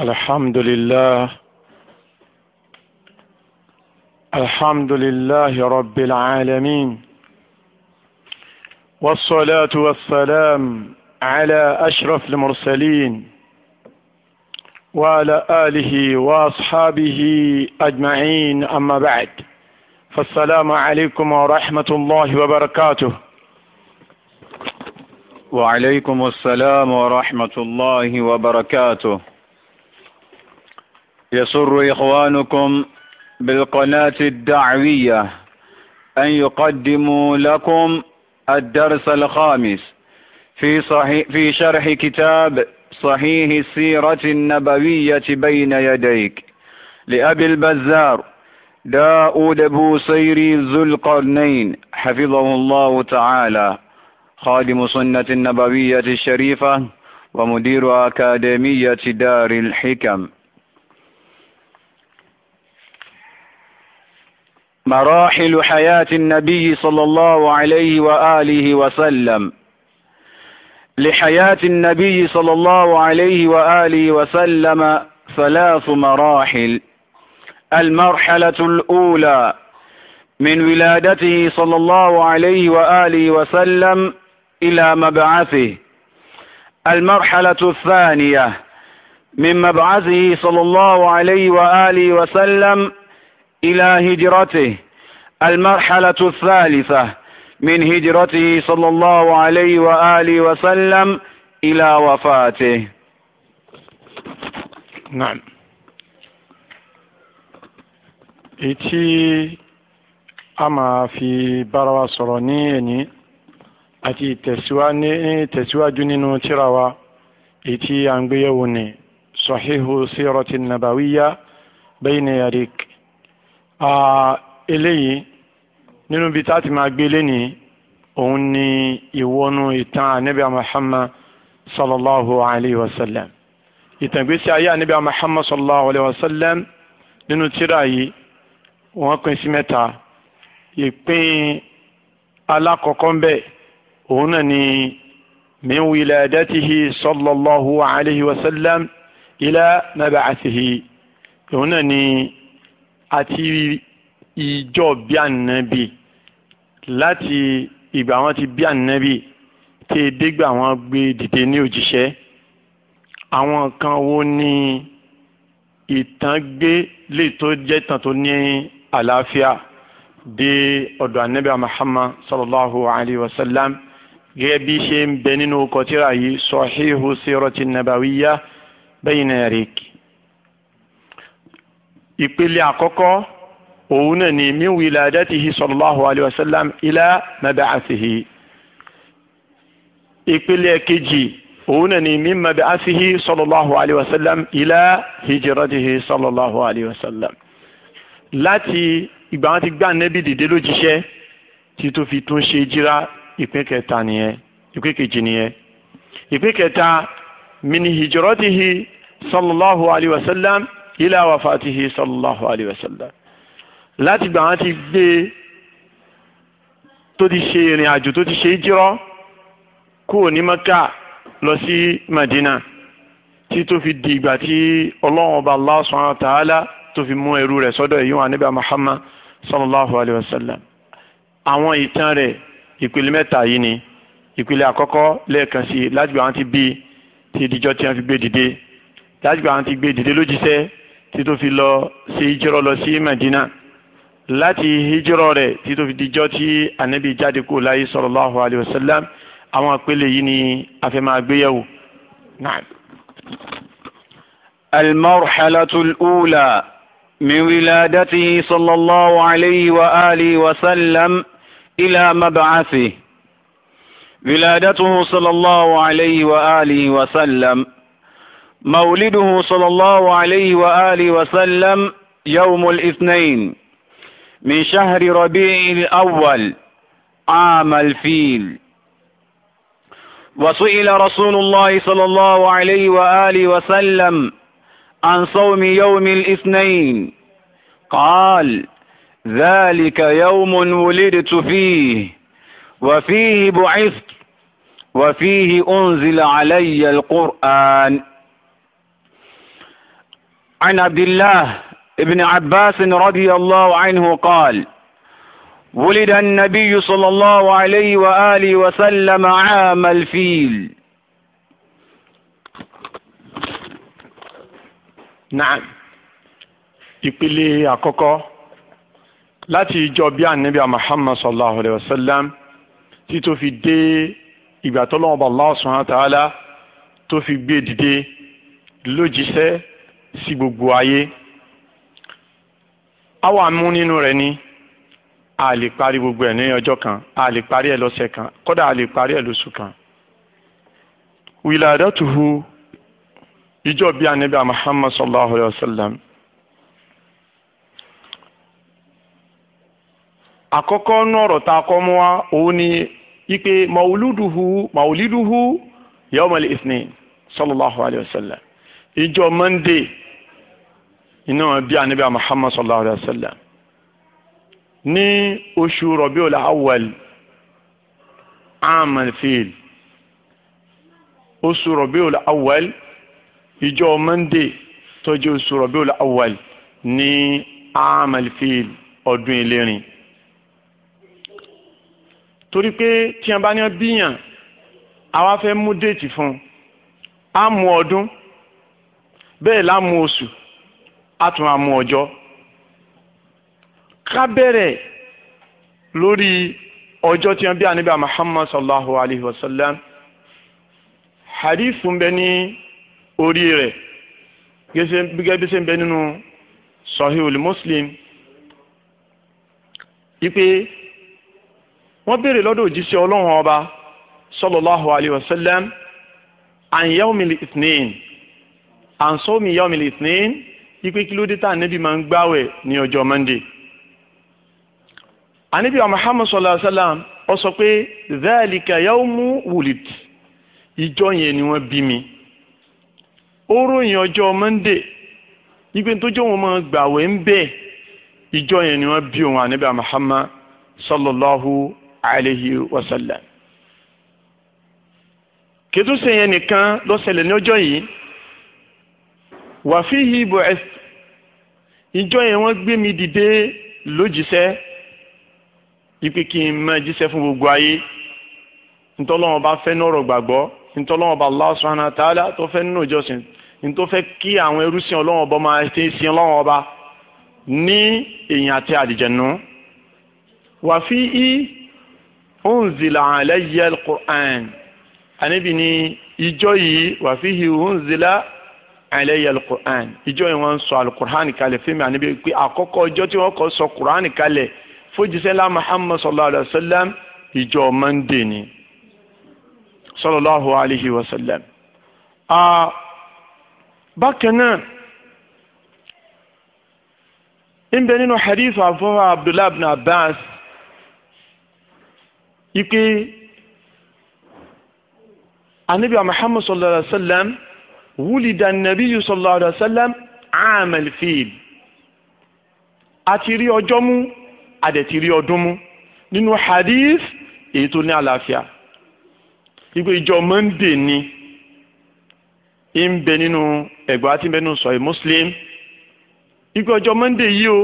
الحمد لله الحمد لله رب العالمين والصلاة والسلام على أشرف المرسلين وعلى آله وأصحابه أجمعين أما بعد فالسلام عليكم ورحمة الله وبركاته وعليكم السلام ورحمة الله وبركاته يسر إخوانكم بالقناة الدعوية أن يقدموا لكم الدرس الخامس في, صحيح في شرح كتاب صحيح السيرة النبوية بين يديك لأبي البزار داود بوصيري ذو القرنين حفظه الله تعالى خادم سنة النبوية الشريفة ومدير أكاديمية دار الحكم مراحل حياة النبي صلى الله عليه وآله وسلم لحياة النبي صلى الله عليه وآله وسلم ثلاث مراحل المرحلة الأولى من ولادته صلى الله عليه وآله وسلم إلى مبعثه المرحلة الثانية من مبعثه صلى الله عليه وآله وسلم إلى هجرته المرحلة الثالثة من هجرته صلى الله عليه وآله وسلم إلى وفاته نعم إتي أما في بروا سرونيني يعني، أتي تسواني تسوى جنين تروى إتي أنبيوني صحيح سيرة النبوية بين يديك eléyìí nínú bíi tá a ti máa gbé lénìí òun ni ìwọ́nú ìtàn ànábì Muhammad sallallahu alayhi wa sallam ìtàngbésí ayé ànábì Muhammad sallallahu alayhi wa sallam nínú tírà yìí wọ́n pín sí mẹ́ta ìpín alákọ̀ọ́kọ́ ń bẹ òun náà ni min wiladatihi sallallahu alayhi wa sallam ila mab'athihi òun náà ni àti ìjọ bí ànábì láti ìgbà wọn ti bí ànábì tí e dégbà wọn gbé dìde ní òjíṣẹ́ àwọn kan wo ni ìtàn gbé lè tó jẹ́ ìtàn tó ní àlàáfíà dé ọ̀dọ̀ ànábì Muhammad sallallahu alayhi wa sallam gẹ́gẹ́ bí ṣe ń bẹ nínú kọtíra yìí Sahihu Sirati Nabawiyya bayna yariki ìpele àkọ́kọ́ òun náà ni min wiladatihi sallallahu alayhi wa sallam ila mab'athihi ìpele kejì òun náà ni min mab'athihi sallallahu alayhi wa sallam ila hijratihi sallallahu alayhi wa sallam láti ìgbà wọn ti gbà nẹ́bí dìde lójíṣẹ́ tí tó fi tún ṣe jíra ìpín kẹta nìyẹn ìpín kejì nìyẹn ìpín kẹta min hijratihi sallallahu alayhi wa sallam ila wafatihi sallallahu alayhi wa sallam láti gbà wọn ti gbé tó ti ṣe ìrìn àjò tó ti ṣe jírọ kúrò ní maka lọ sí madina tí tó fi di ìgbà tí ọlọ́run ọba allah subhanahu wa ta'ala tó fi mú ẹrú rẹ̀ sọ́dọ̀ èyí wọn ànábì muhammad sallallahu alayhi wa sallam àwọn ìtàn rẹ̀ ìpele mẹ́ta yìí ni ìpele àkọ́kọ́ lẹ́ẹ̀kan sí láti gbà wọn ti bí ti ìdíjọ́ tí wọ́n fi gbé dìde láti gbà wọn ti gbé dìde lójíṣẹ́ tító fi lọ sí hijrọ lọ sí Madina láti hijrọ rẹ̀ tító fi dijọ́ tí anabi jáde kó láyé sallallahu alayhi wa sallam àwọn àpẹẹlẹ yìí ni a fẹ́ máa المرحلة الأولى من ولادته صلى الله عليه وآله وسلم إلى مبعثه ولادته صلى الله عليه وآله وسلم مولده صلى الله عليه وآله وسلم يوم الاثنين من شهر ربيع الأول عام الفيل وسئل رسول الله صلى الله عليه وآله وسلم عن صوم يوم الاثنين قال ذلك يوم ولدت فيه وفيه بعثت وفيه أنزل علي القرآن عن عبد الله بن عباس رضي الله عنه قال ولد النبي صلى الله عليه وآله وسلم عام الفيل نعم ìpele àkọ́kọ́ láti ìjọ bí ànábì Muhammad sallallahu alayhi wa sallam tí tó fi dé ìgbà tó lọ́wọ́ bá Allah subhanahu wa ta'ala tó fi gbé dìde lójíṣẹ́ sí gbogbo ayé àwa mú nínú rẹ̀ ni a lè parí gbogbo ẹ̀ ní ọjọ́ kan a lè parí ẹ̀ lọ́sẹ̀ kan kódà a lè parí ẹ̀ lóṣù kan. wiladatuhu ìjọ bíi anabi muhammad sallallahu alayhi wa sallam. àkọ́kọ́ nọ̀rọ̀ tá a kọ́ mọ́ wa òun ni ipe mawuluduhu mawuliduhu yawmal ithnin sallallahu alayhi wa sallam ìjọ monday iná wọn bí anabi muhammad sallallahu alayhi wa sallam ní oṣù Rabiul Awwal amal fil oṣù Rabiul Awwal ìjọ monday tó jẹ́ oṣù Rabiul Awwal ní amal fil ọdún ìlérin torí pé tí a bá ní bíyàn àwa fẹ́ mú déètì fún un á mú ọdún bẹ́ẹ̀ lámú oṣù á tún amú ọjọ́ ká bẹ̀rẹ̀ lórí ọjọ́ tí wọ́n bí ànábì Muhammad sallallahu alayhi wa sallam hadith ń bẹ ní orí rẹ̀ gẹ́gẹ́ bí ṣe ń bẹ nínú sahihul muslim ipe wọ́n béèrè lọ́dọ̀ òjíṣẹ́ ọlọ́run ọba sallallahu alayhi wa sallam an yawmil ithnin ansomi yọmi lìsìn ipe kí ló dé tá ànábì máa ń gbáwẹ̀ ní ọjọ́ monday ànábì wa muhammad sallallahu alayhi wa sallam ó sọ pé zaalika yawmu wulid ìjọ yẹn ni wọ́n bí mi ó ròyìn ọjọ́ monday ipe tó jẹ́ wọn máa gbàwẹ̀ ń bẹ́ẹ̀ ìjọ yẹn ni wọ́n bí òun ànábì wa muhammad sallallahu alayhi wa sallam kìtùsẹ̀ yẹn nìkan ló ní ọjọ́ yìí wàfíhì bọ̀ẹ́s ìjọ yẹn wọ́n gbé mi dìde lójíṣẹ́ ipe kí n máa jíṣẹ́ fún gbogbo ayé ntọ́lọ́wọ́n bá fẹ́ nọ̀rọ̀ gbàgbọ́ ntọ́lọ́wọ́n bá Allah subhanahu wa ta'ala tó fẹ́ nínú ìjọsìn ntọ́ fẹ́ kí àwọn ẹrúsìn ọlọ́wọ́n ọba máa ṣe é ọlọ́wọ́n ọba ní èyàn àti àdìjẹ̀nu wàfí í unzila alayya al-Qur'an àníbi ni ìjọ yìí wàfí í unzila alayya alukur'an ìjọ yẹn wọ́n sọ alukur'an kalẹ̀ fíìmù àníbi pé àkọ́kọ́ ọjọ́ tí wọ́n kọ́ sọ kur'an kalẹ̀ fojìṣẹ́lá muhammad sallallahu alayhi wa sallam ìjọ mande ni sallallahu alayhi wa sallam. bákan náà ń bẹ nínú hadith àfọwọ́ abdullahi ibn abbas ipe anabi muhammad sallallahu alayhi wa sallam wúlìdà nàbí sallallahu alaihi wasallam àmàl fíìl àti rí ọjọ́ mú àdẹ̀tì rí ọdún mú nínú hadith èyí tó ní àlàáfíà ìgbé ìjọ monday ni ń bẹ nínú ẹ̀gbọ́n àti bẹ́ẹ̀ nínú sọ̀rọ̀ muslim ìgbé ọjọ́ monday yìí o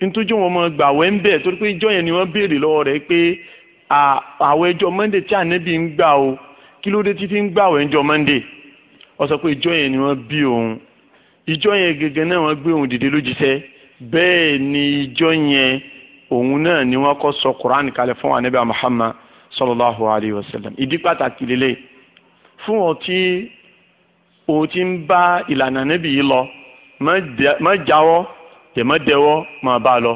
nítorí wọn mọ gbà wẹ́ ń bẹ̀ torí pé ìjọ yẹn ni wọ́n béèrè lọ́wọ́ rẹ̀ pé àwọn ẹjọ́ monday tí ànábì ń gbà o kí ló dé tí ń gbà wẹ́ ń jọ monday ó sọ pé ìjọ yẹn ni wọ́n bí òun ìjọ yẹn gẹ́gẹ́ náà wọ́n gbé òun dìde lójíṣẹ́ bẹ́ẹ̀ ni ìjọ yẹn òun náà ni wọ́n kọ́ sọ Quran kalẹ̀ fún anabi Muhammad sallallahu alayhi wa sallam ìdí pàtàkì lélẹ̀ fún ọ tí o ti ń bá ìlànà níbi yìí lọ má jáwọ́ tẹ̀ má dẹwọ́ má bá lọ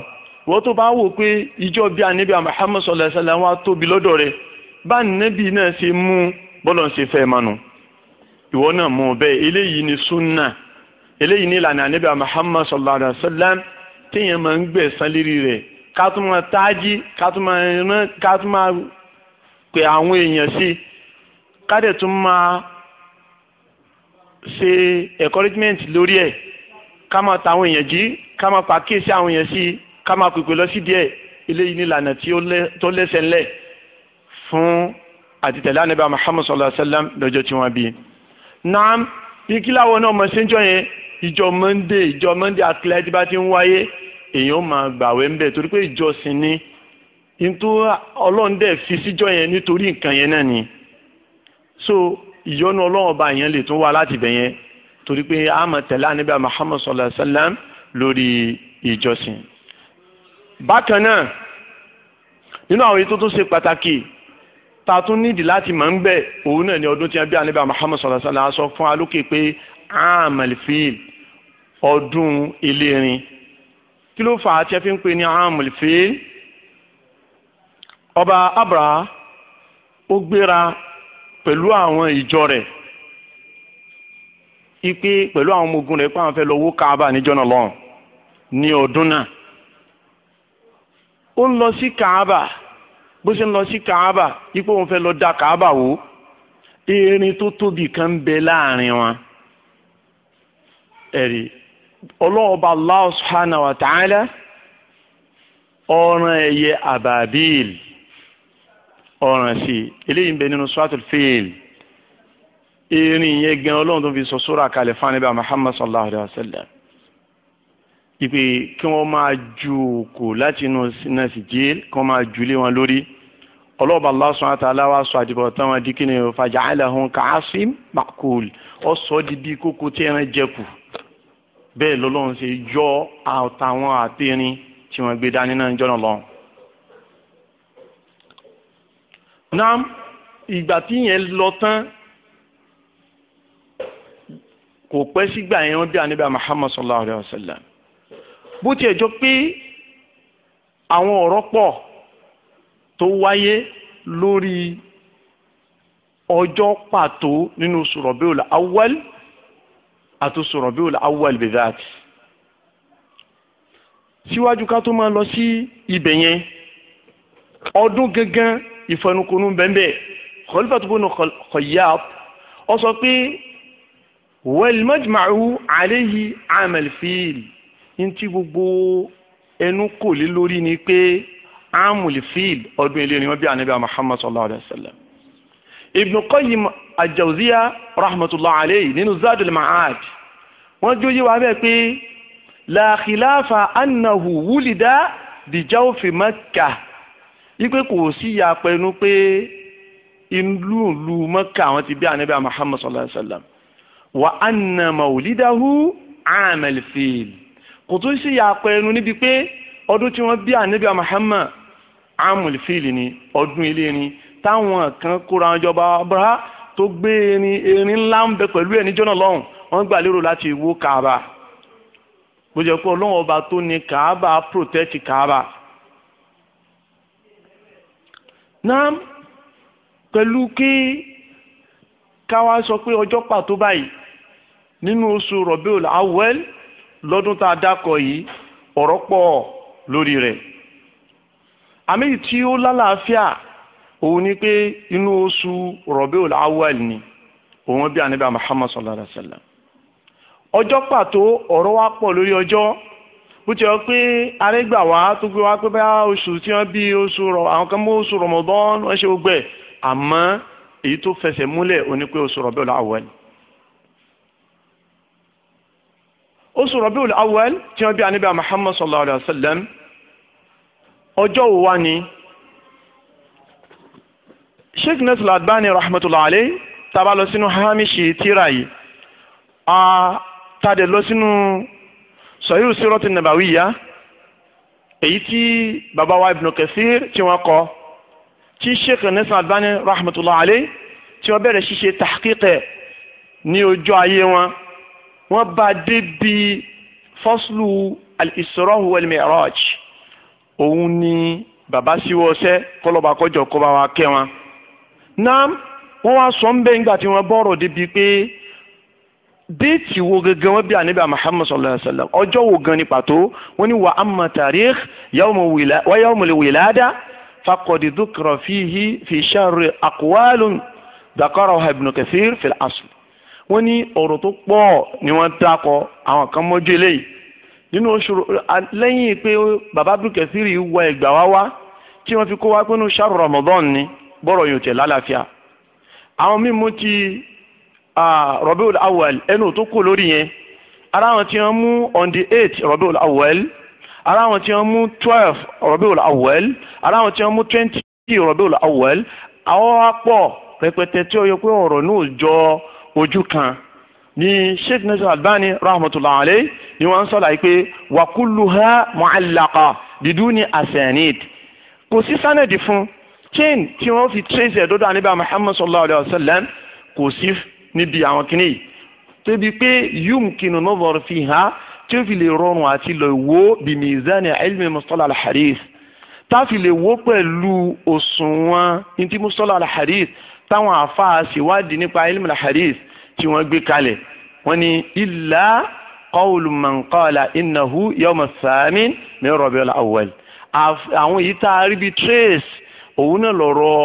wọ́n tó bá wò pé ìjọ bí anabi Muhammad sallallahu alayhi wa sallam wa tóbi lọ́dọ̀ rẹ̀ bá anabi náà ṣe mú bọ́lọ̀ ṣe fẹ́ mánu ìwọ náà mú un bẹ́ẹ̀ eléyìí ni sunna eléyìí ni ìlànà ànábì Muhammad sallallahu alayhi wa sallam téèyàn máa ń gbẹ̀sán lérí rẹ̀ ká tún máa tájí ká tún máa rán ká tún máa pè àwọn èèyàn sí ká dẹ̀ tún máa ṣe encouragement lórí ẹ̀ ká máa ta àwọn èèyàn jí ká máa pa kéèsì àwọn èèyàn sí ká máa pèpè lọ sí díẹ̀ eléyìí ni ìlànà tó lẹ́sẹ̀ ńlẹ̀ fún àtìtẹ̀lé ànábì Muhammad sallallahu alaihi wa sallam lọ́jọ́ tí wọ́n bí i naam bí kíláwọ náà mọ̀ ṣéńjọ́ yẹn ìjọ mọ́ndé ìjọ mọ́ndé àtìlẹ́ tí bá ti ń wáyé èèyàn máa gbàwé ńbẹ torí pé ìjọsìn ni ntú ọlọ́run fi síjọ́ yẹn nítorí nǹkan yẹn náà ni so ìyọnu ọlọ́run ọba yẹn lè tún wá láti bẹ̀ yẹn torí pé a tẹ̀lé ànábì Muhammad sallallahu alayhi wa sallam lórí ìjọsìn bákan náà nínú àwọn ètò tó ṣe pàtàkì ta tún nídìí láti mọ̀ ń bẹ̀ òun náà ni ọdún tí wọ́n bí anábìá Muhammad sallallahu alaihi wasallam sọ fún alókè pé amalfil ọdún ilérin kí ló fà á tí ẹ fi ń pè ní amalfil ọba abra ó gbéra pẹ̀lú àwọn ìjọ rẹ̀ ipe pẹ̀lú àwọn ọmọ ogun rẹ̀ pé àwọn fẹ́ lọ wó Kaaba níjọ́ náà lọ́hùn ní ọdún náà ó ń lọ sí Kaaba. Si bó ṣe ń lọ sí kaaba ipò òun fẹ́ lọ da kaaba wò erin tó tóbi kan ń bẹ láàrin wọn ẹ̀rí ọlọ́ọ̀ba Allah subhanahu wa ta'ala ọ̀ràn ẹ̀yẹ ababil ọ̀ràn sí eléyìí ń bẹ nínú suratul fil erin yẹn gan ọlọ́run tó fi sọ sóra kalẹ̀ fún anábẹ́ Muhammad sallallahu alayhi wa sallam ìpè kí wọ́n máa ju òkò láti inú náà sì kí wọ́n máa ju wọn lórí ọlọ́ọ̀bà Allah subhanahu wa ta'ala wá sọ àdìbò tán wọn di kí ni faja'alahum ka'asim ma'kul ọ sọ di bí kókó tí ẹran jẹkù bẹ́ẹ̀ lọ́lọ́run ṣe yọ àtàwọn àtẹrin tí wọ́n gbé dání náà jọ́nà lọ. náà ìgbà tí yẹn lọ tán kò pẹ́ sígbà yẹn wọ́n bí anábíà Muhammad sallallahu alayhi wa sallam bó tiẹ̀ jọ pé àwọn ọ̀rọ̀ pọ̀ tó wáyé lórí ọjọ́ pàtó nínú sùrọ̀bíòlù awal àti sùrọ̀bíòlù awal bẹ̀dáàtì síwájú ká tó máa lọ sí ibẹ̀ yẹn ọdún gangan ìfẹnukonu bẹ́ẹ̀ khalifatu bunu ọ sọ pé wal-majma'u alayhi amal fil ní ti gbogbo ẹnu kò lé lórí ni pé amul fil ọdún ilé ni wọ́n bí anabi muhammad sallallahu alayhi wa sallam ibn qayyim al-jawziya rahmatullahi alayhi nínú zadul ma'ad wọ́n jó yí wa bẹ́ẹ̀ pé la khilafa annahu wulida bi jawfi makkah ipe kò sí ya pẹnu pé ìlú ìlú makkah àwọn ti bí anabi muhammad sallallahu alayhi wa sallam wa anna mawlidahu amal fil kò tún sí ya pẹnu níbi pé ọdún tí wọ́n bí anabi muhammad amul fíìlì ni ọdún ilé ni táwọn kan kóra ọjọba abúlá tó gbé erin erin ńlá ń bẹ pẹ̀lú ẹ̀ níjọ́ náà lọ́hùn wọ́n gbà lérò láti wó kaaba bó jẹ́ pé ọlọ́run ọba tó ní kaaba protect kaaba. náà pẹ̀lú kí káwa sọ pé ọjọ́ pàtó báyìí nínú oṣù rọ̀bẹ́ọ̀lù awẹ́l lọ́dún tá a dákọ̀ yìí ọ̀rọ̀ pọ̀ lórí rẹ̀ àmì tí ó lálàáfíà òun ni pé inú oṣù Rabiul Awwal ni òun bí ànábì Muhammad sallallahu alaihi wa sallam ọjọ́ pàtó ọ̀rọ̀ wa pọ̀ lórí ọjọ́ bó ti yọ pé arẹ́gbà wá tó gbé wá pé bá oṣù tí wọ́n bí oṣù rọ àwọn kan mú oṣù Ramadan wọ́n ṣe gbẹ àmọ́ èyí tó fẹsẹ̀ múlẹ̀ òní pé oṣù Rabiul Awwal oṣù Rabiul Awwal tí wọ́n bí ànábì Muhammad sallallahu alaihi wa sallam ọjọ́ wo wá ni sheikh nasir albani rahmatullahi alayhi taba lọ sínú hamishi tira yìí a tade lọ sínú sọyìn sírọtì nàbàwíyá èyí tí baba wa ibn kathir tí wọ́n kọ tí sheikh nasir albani rahmatullahi alayhi tí wọ́n bẹ̀rẹ̀ ṣíṣe tahqiqe ní ọjọ́ ayé wọn wọ́n bá débi faslu al-isra wal òun ni bàbá síwọ́ ọṣẹ́ kọ́lọ́ba kọjọ kó bá wa kẹ́ wọn. náà wọ́n wá sọ ń bẹ́ẹ̀ nígbà tí wọ́n bọ́rọ̀ débi pé déètì wo gangan wọn bí anabi muhammad sallallahu alaihi wa sallam ọjọ́ wo gan ni pàtó wọ́n ní wà á mọ tàríx wà yà ọmọlẹ̀ wìláàdá fakọ̀dì dúkìrọ̀ fìhí fi sharri aqwalun dakaraha ibn kathir fil asl wọ́n ní ọ̀rọ̀ tó pọ̀ ni wọ́n dákọ̀ àwọn kan mọ́jú eléyìí nínú oṣù lẹ́yìn pé bàbá abdulkasir wọ ẹgbà wá wá tí wọ́n fi kó wá pé ní ramadan ni bọ́rọ̀ yóò tẹ̀ lálàáfíà àwọn mímú ti rọ́bìl awal ẹnu tó kù lórí yẹn ara wọn ti mú on the eight rọ́bìl awal ara wọn ti mú twelve rọ́bìl awal ara wọn ti mú twenty rọ́bìl awal àwọn apọ̀ rẹpẹtẹ tí ó yẹ pé ọ̀rọ̀ náà jọ ojú kan ni sheikh nasir albani rahmatulah alayhi ni wọn sọ láyé pé wakulluha mu'allaqa biduni asanid kò sí sanadi fún chain tí wọn fi trace ẹ dọdọ àníbà muhammad sallallahu alayhi wa sallam kò sí níbi àwọn kìnnì tóbi pé yumkinu nadhar fiha tí ó fi lè rọrùn àti lọ wo bimizani ilmi mustalah alhadith táfi lè wo pẹ̀lú òṣùwọ̀n ní ti mustalah alhadith táwọn àfa àṣìwádìí nípa ilmi alhadith tí wọ́n gbé kalẹ̀ wọ́n ní ilà qawlu man qala innahu yawma thamin min rabiul awwal àwọn yìí tá a rí bíi trace òun náà lọ̀rọ̀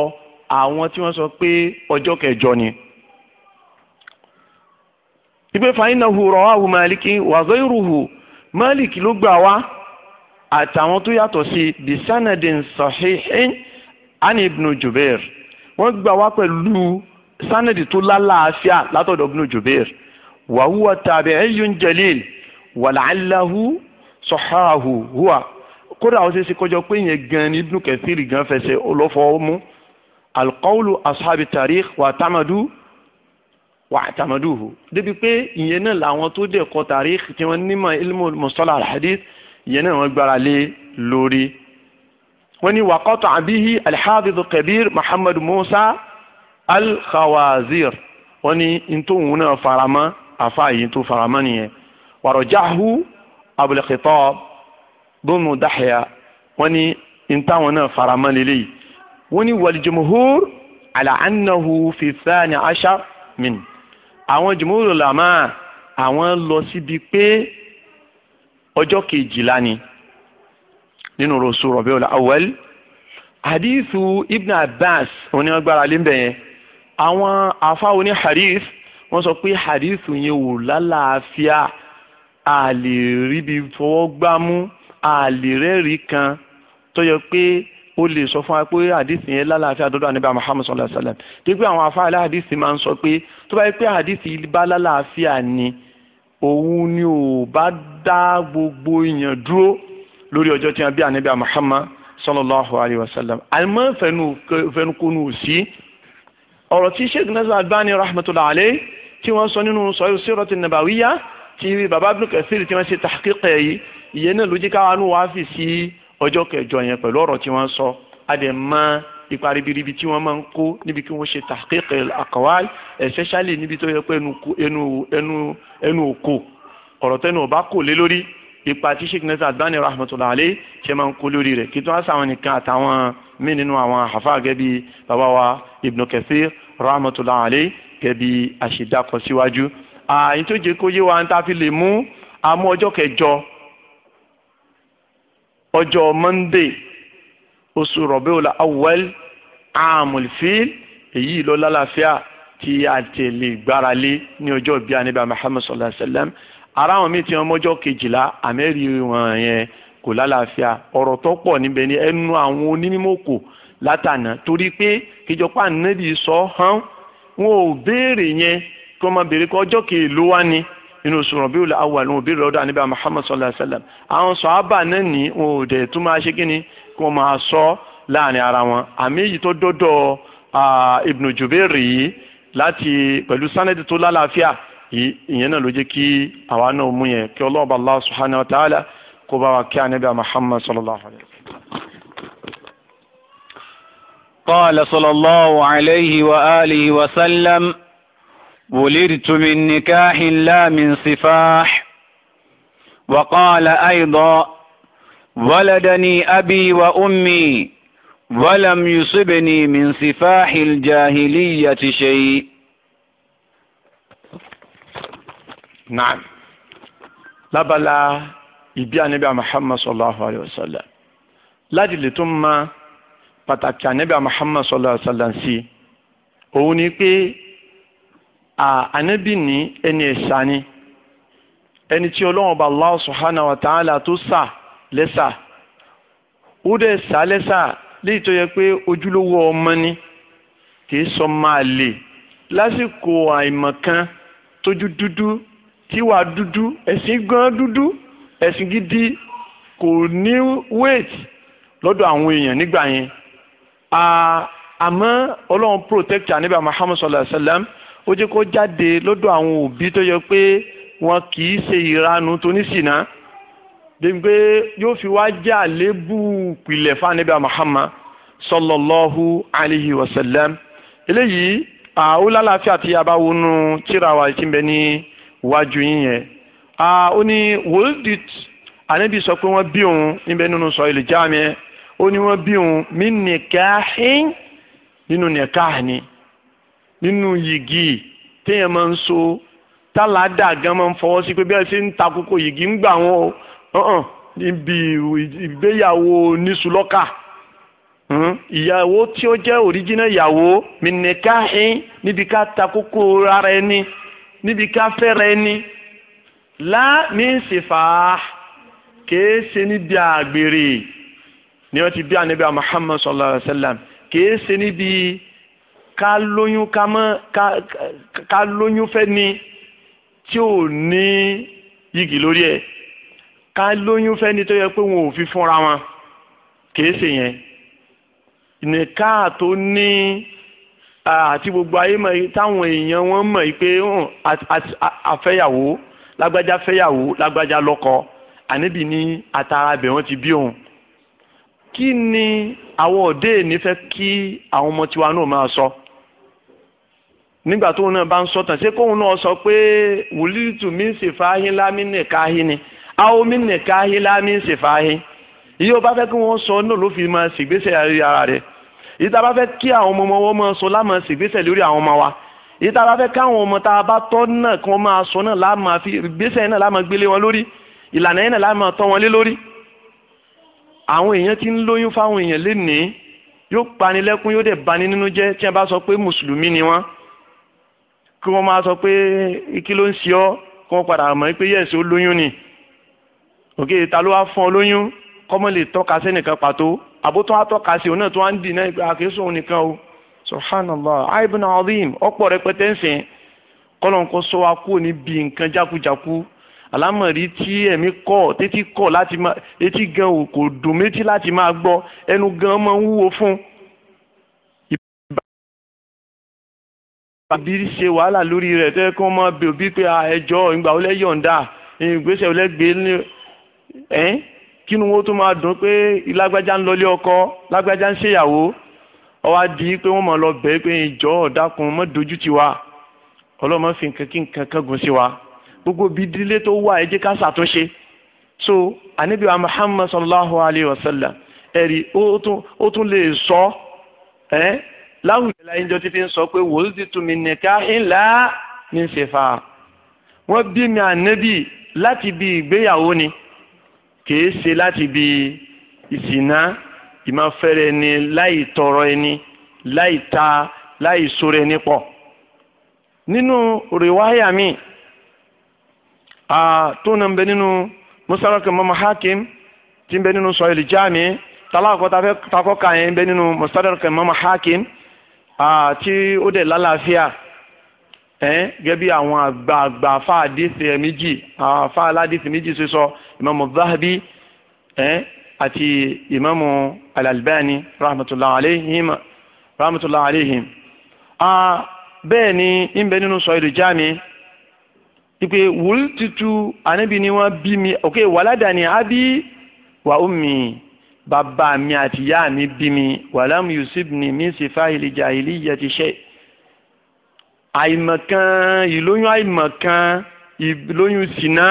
àwọn tí wọ́n sọ pé ọjọ́ kẹjọ ni. ìgbé fainahu rawahu Maliki wa Maliki ló gbà wá àtàwọn tó yàtọ̀ sí bisanadin sahihin ani ibn Jubair wọ́n gbà wá pẹ̀lú sanadi tó lálàáfíà látọ̀dọ̀ ibnu jubair wa huwa tabi'iyun jalil wa la'allahu sahahu huwa kódà ó ṣeéṣe kọjọ pé yẹn gan ni ibnu kathir gan fẹsẹ̀ ọlọ́fọ́ mú alqawlu ashabi tarikh wa tamadu wa atamaduhu débi pé ìyẹn náà làwọn tó dẹ̀ kọ tarikh tí wọ́n nímọ̀ ilmu mustalah alhadith ìyẹn náà wọ́n gbára lé lórí. wọ́n ní waqata bihi alhafidh kabir muhammad musa al-khawazir wọ́n ní ntòhun náà faramọ́ àfààyè tó faramọ́ nìyẹn wàrọ̀jáhu abul khitab bunu dahya wọ́n ní ntàwọn náà faramọ́ lélẹ́yìí wọ́n ní wal jumhur ala annahu fi thani ashar min àwọn jumhur làmà àwọn lọ síbi pé ọjọ́ kejìlá ni nínú rọ̀ṣù rọ̀bẹ́ ọ̀la awwal hadithu ibn abbas oníwàgbára lẹ́mbẹ̀ẹ́ yẹn àwọn àfáwọn ní hadith wọ́n sọ pé hadith yẹn wò lálàáfíà a lè ríbi fọwọ́ gbámú a lè rẹ́rìí kan tó yẹ pé ó lè sọ fún wa pé hadith yẹn lálàáfíà dọ́dọ̀ àníbà Muhammad sallallahu alayhi wa sallam dípẹ́ àwọn afáàlẹ́ hadith máa ń sọ pé tó bá yẹ pé hadith yìí bá lálàáfíà ni òun ni ò bá dá gbogbo èèyàn dúró lórí ọjọ́ tí wọ́n bí àníbà Muhammad sallallahu alayhi wa sallam àmọ́ fẹnukonu sí. Si, ọ̀rọ̀ tí sheikh nasir albani rahmatulah alayhi tí wọ́n sọ nínú sọ̀rọ̀ sírọ̀tì nàbàwíyá tí baba ibn kathir tí wọ́n ṣe tàkíkẹ́ yìí ìyẹn náà ló jẹ́ káwa nù wá fi sí ọjọ́ kẹjọ yẹn pẹ̀lú ọ̀rọ̀ tí wọ́n sọ àdèmọ́ ipa ribiribi tí wọ́n máa ń kó níbi kí wọ́n ṣe tàkíkẹ́ àkọ́wá especially níbi tó yẹ pé ẹnu òkò ọ̀rọ̀ tẹ́nu ọba kò lé lórí ipa tí sheikh nasir albani rahmatulah alayhi ṣe máa ń kó lórí rẹ̀ kí tó wá sáwọn nìkan àtàwọn mí nínú àwọn àfáà bíi bàbá wa ibn kathir rahmatullahi alayhi gẹbi àṣìdàkọ síwájú àyìn tó jẹ kó yé wa níta fi lè mú amú ọjọ́ kẹjọ ọjọ́ monday oṣù rọbẹwòlá awwal amulfil èyí lọ lálàáfíà tí a ti lè gbára lé ní ọjọ́ bíi anábìá muhammad sallallahu alayhi wa sallam ara àwọn míì tí wọn mọjọ kejìlá àmẹ́rì wọn yẹn kò lálàáfíà ọ̀rọ̀ tó pọ̀ níbẹ̀ ni ẹnu àwọn onímọ̀kò látànà torí pé kíjọpá nẹ́bí sọ hàn wọn ò béèrè yẹn kí wọ́n máa béèrè kọ́ ọjọ́ kèèló wá ni inú oṣù rọ̀bí òlà awà ló ń béèrè ọ̀dọ̀ àníbà Muhammad sallallahu alayhi wa sallam àwọn sọ̀hábà náà ní wọn ò dẹ̀ tún máa ṣe kíni kí wọ́n máa sọ láàrin ara wọn àmì èyí tó dọ́dọ̀ Ibn Jubair yìí láti pẹ̀lú sanadi tó lálàáfíà ìyẹn náà ló jẹ́ kí àwa náà mú yẹn kí ọlọ́ọ̀bà Allah subhanahu wa ta'ala kó bá wa kí àníbà Muhammad sallallahu alayhi wa قال صلى الله عليه وآله وسلم ولدت من نكاح لا من صفاح وقال أيضا ولدني أبي وأمي ولم يصبني من صفاح الجاهلية شيء نعم labala ibi anabi muhammad sallallahu alaihi wasallam láti lè tún máa pàtàkì anabi muhammad sallallahu alaihi wa sallam sí òun ni pé anabi ní ẹni ẹ̀sà ni ẹni tí ọlọ́run ọba allah subhanahu wa ta'ala tó sà lẹ́sà ó dẹ̀ sà lẹ́sà léyìí tó yẹ pé ojúlówó ọmọ ni kì í sọ máa lè lásìkò àìmọ̀kan tójú dúdú tíwà dúdú ẹ̀sìn gan dúdú ẹ̀sìn gidi kò ní wéètì lọ́dọ̀ àwọn èèyàn nígbà yẹn àmọ́ ọlọ́run protect anabi muhammad sallallahu alayhi wa sallam ó jẹ́ kó jáde lọ́dọ̀ àwọn òbí tó yẹ pé wọn kì í ṣe ìranu tó ní pé yóò fi wá jẹ́ àléébù pìlẹ̀ fún anabi muhammad sallallahu alayhi wa sallam eléyìí ó lálàáfíà tí a bá wọnú tíra wa ti ń bẹ ní wájú yín yẹn ó ní wòlídìí anabi sọ pé wọ́n bí òun níbẹ̀ nínú sọ ìlú jáàmì ó ní wọ́n bí òun mí nìkáhín nínú nìkáhìní nínú yìgì téèyàn máa ń so táládà gan máa ń fọwọ́ sí pé bí wọ́n ṣe ń ta kókó yìgì ń gbà wọ́n o níbi ìgbéyàwó nísùlọ́kà hmm, ìyàwó tí ó jẹ́ òríjínà ìyàwó mí nìkáhín níbi ká ta kókó ara ẹni níbi ká fẹ́ra ẹni láàmì ìsìfà kèé ṣe níbi àgbèrè ni wọ́n ti bí anabi muhammad sallallahu alaihi wa sallam kìí ṣe níbi ká lóyún ká mọ́ ká lóyún fẹ́ ni tí ò ní yìgì lórí ẹ̀ ká lóyún fẹ́ ni tó yẹ pé wọn ò fi fúnra wọn kìí ṣe yẹn nìka tó ní àti gbogbo ayé mọ̀ táwọn èèyàn wọn mọ̀ pé àfẹ́yàwó lágbájá fẹ́yàwó lágbájá lọ́kọ àníbi ní àtàràbẹ̀ wọn ti bí òun kí ni àwọn òde èní fẹ́ kí àwọn ọmọ tiwa náà máa sọ nígbà tóun náà bá ń sọ tán ṣé kóun náà sọ pé wùlíì tù mí sèfà áhín lámì nìka áhín ni àwọn omi nìka áhín lámì ń sèfà áhín iye o bá fẹ́ kí wọ́n sọ náà ló fi máa ṣègbésẹ̀ ara rẹ̀ ìta bá fẹ́ kí àwọn ọmọ wọn máa sọ láàmú ṣègbésẹ̀ lórí àwọn ọmọ wa ìta bá fẹ́ káwọn ọmọ tá a bá tọ́ náà kí wọ́n máa sọ náà láàmú àfi náà láàmú gbélé wọn lórí ìlànà yẹn náà láàmú tọ́ wọn lé lórí àwọn èèyàn ti ń lóyún fáwọn èèyàn lénìí yóò pani yóò dẹ̀ bani nínú jẹ́ tí wọ́n bá sọ pé mùsùlùmí ni wọ́n kí wọ́n máa sọ pé kí ló ń ṣe ọ́ kí wọ́n padà mọ̀ pé yẹ̀sì ó lóyún ni òkè ta ló wá fún ọ lóyún kọ́mọ́ lè tọ́ka sẹ́nìkan pàtó àbótọ́ á tọ́ka sí òun náà tó wá ń dì náà àkésùn òun nìkan o subhanallah aibun azim ọ̀pọ̀ rẹpẹtẹ ń sìn kọ́lọ́n kó sọ wa kúrò níbi nǹkan jákujáku àlámọ̀rí tí ẹ̀mí kọ̀ tẹ́tí kọ̀ láti máa etí gan kò dùn méjì láti máa gbọ́ ẹnu gan máa ń wúwo fún. àbí ṣe wàhálà lórí rẹ̀ tẹ́ kí wọ́n máa bẹ̀ òbí pé ẹjọ́ ìgbà olẹ́ yọ̀ǹda ìgbésẹ̀ olẹ́ gbé ní ẹ́n kí ni wọ́n tún máa dùn pé lágbájá ń lọlé ọkọ lágbájá ń ṣèyàwó ọwá di pé wọ́n máa lọ bẹ́ẹ̀ pé ìjọ ọ̀dàkùn mọ́ dojú ti wa ọlọ́mọ fi nǹkan kí sí wa gbogbo bídílé tó wà ẹ jẹ́ ká ṣàtúnṣe so ànábì wa muhammad sallallahu alayhi wa sallam ẹ̀rí ó tún lè sọ ẹ́ láwùjọ láyé jọ títí ń sọ pé wò ó sì tún mi nìka ńlá ní ṣèfà wọ́n bí mi ànábì láti bí ìgbéyàwó ni kìí ṣe láti bí ìsìná ìmáfẹ́rẹ́ ẹni láì tọrọ ẹni láì ta láì sóre ẹni pọ̀ nínú rìwáyà míì tó nà ń bẹ nínú musarak mama hakim tí ń bẹ nínú sọyìlì jáàmì talakọ takọ kan yẹn ń bẹ nínú musarak mama hakim tí ó dẹ̀ lálàáfíà ẹn e, gẹbi àwọn àgbààgbà afa àdìsí méjì afa aládìsí méjì sísọ imamu zahabi ẹn e, àti imamu alalbani rahmatulah aleihim rahmatulah aleihim. bẹ́ẹ̀ ni ń bẹ nínú sọyìlì jáàmì ipe wùl tutu anabi ni wọn bí mi ok wàládà ni abi wà ummi bàbá mi àti ìyá mi bí mi wàlám yusuf ni mi sì fa ìlìjà ìlíyà ti ṣe àìmọ̀kan ìlóyún àìmọ̀kan ìlóyún sínà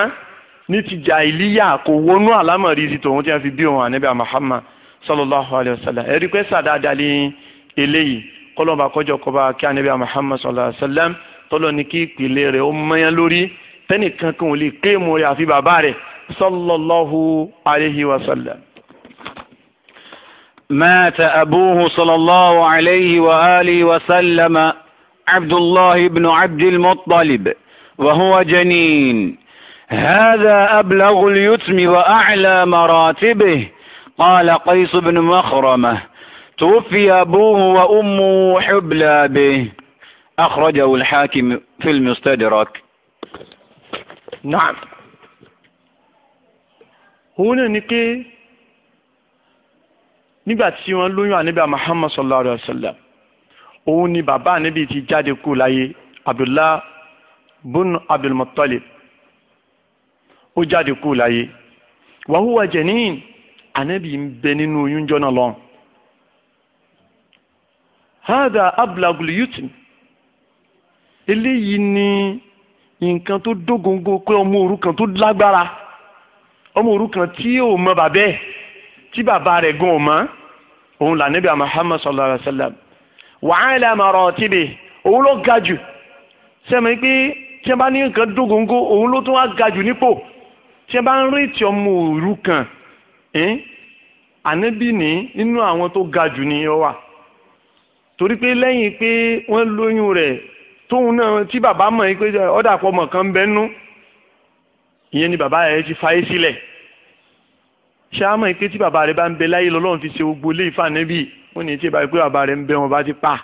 ní ti jà ìlíyà kò wọnú àlámọ̀rí ti tòun tí wọ́n fi bí òun ànábì Muhammad sallallahu alayhi wa sallam ẹ̀rí pé sàdáadáa lé eléyìí kọ́lọ́ba kọjọ́ kọba kí ànábì Muhammad sallallahu alayhi wa sallam. tọ́lọ́ ní kí ìpìlẹ̀ rẹ̀ ó mọ́yán lórí tẹ́nì kan ò lè ké kéèmù rẹ̀ àfi bàbá rẹ̀ sallallahu alayhi wa sallam. مات أبوه صلى الله عليه وآله وسلم عبد الله بن عبد المطلب وهو جنين هذا أبلغ اليتم وأعلى مراتبه قال قيس بن مخرمة توفي أبوه وأمه حبلى به أخرجه الحاكم في المستدرك نعم هنا نكي nígbà tí wọ́n lóyún ànábì Muhammad sallallahu alayhi wa sallam òun ni bàbá ànábì ti jáde kú láyé Abdullah bun Abdul Muttalib ó jáde kú láyé wa huwa janin ànábì ń bẹ nínú oyún jọ́nà lọ́n. hada ablagul yutin eléyìí ni nǹkan tó dógóńgó pé ọmọ òrukàn tó lágbára ọmọ òrukàn tí ò mọ bàbá ẹ̀ tí bàbá rẹ̀ gan ò mọ òun là níbi Muhammad sallallahu alayhi wa sallam wàhálà ilẹ̀ àmàrọ̀ òun ló ga jù sẹ́mi pé tí wọ́n bá ní nǹkan dógóńgó òun ló tún wá ga jù nípò tí wọ́n bá ń rìn tí ọmọ òrukàn ànábì ní nínú àwọn tó ga jù ni ó wà torí pé lẹ́yìn pé wọ́n lóyún rẹ̀ tóun náà tí bàbá mọ̀ yín pé ọ̀dà àpọ̀mọ̀ kan bẹ́ nú ìyẹn ni bàbá rẹ̀ ti fayé sílẹ̀ ṣé a mọ̀ yín pé tí bàbá rẹ̀ bá ń bẹ láyé lọ́lọ́run fi ṣe gbogbo ilé ìfànẹ́bì ó ní tí ìbá pé bàbá rẹ̀ ń bẹ wọn bá ti pa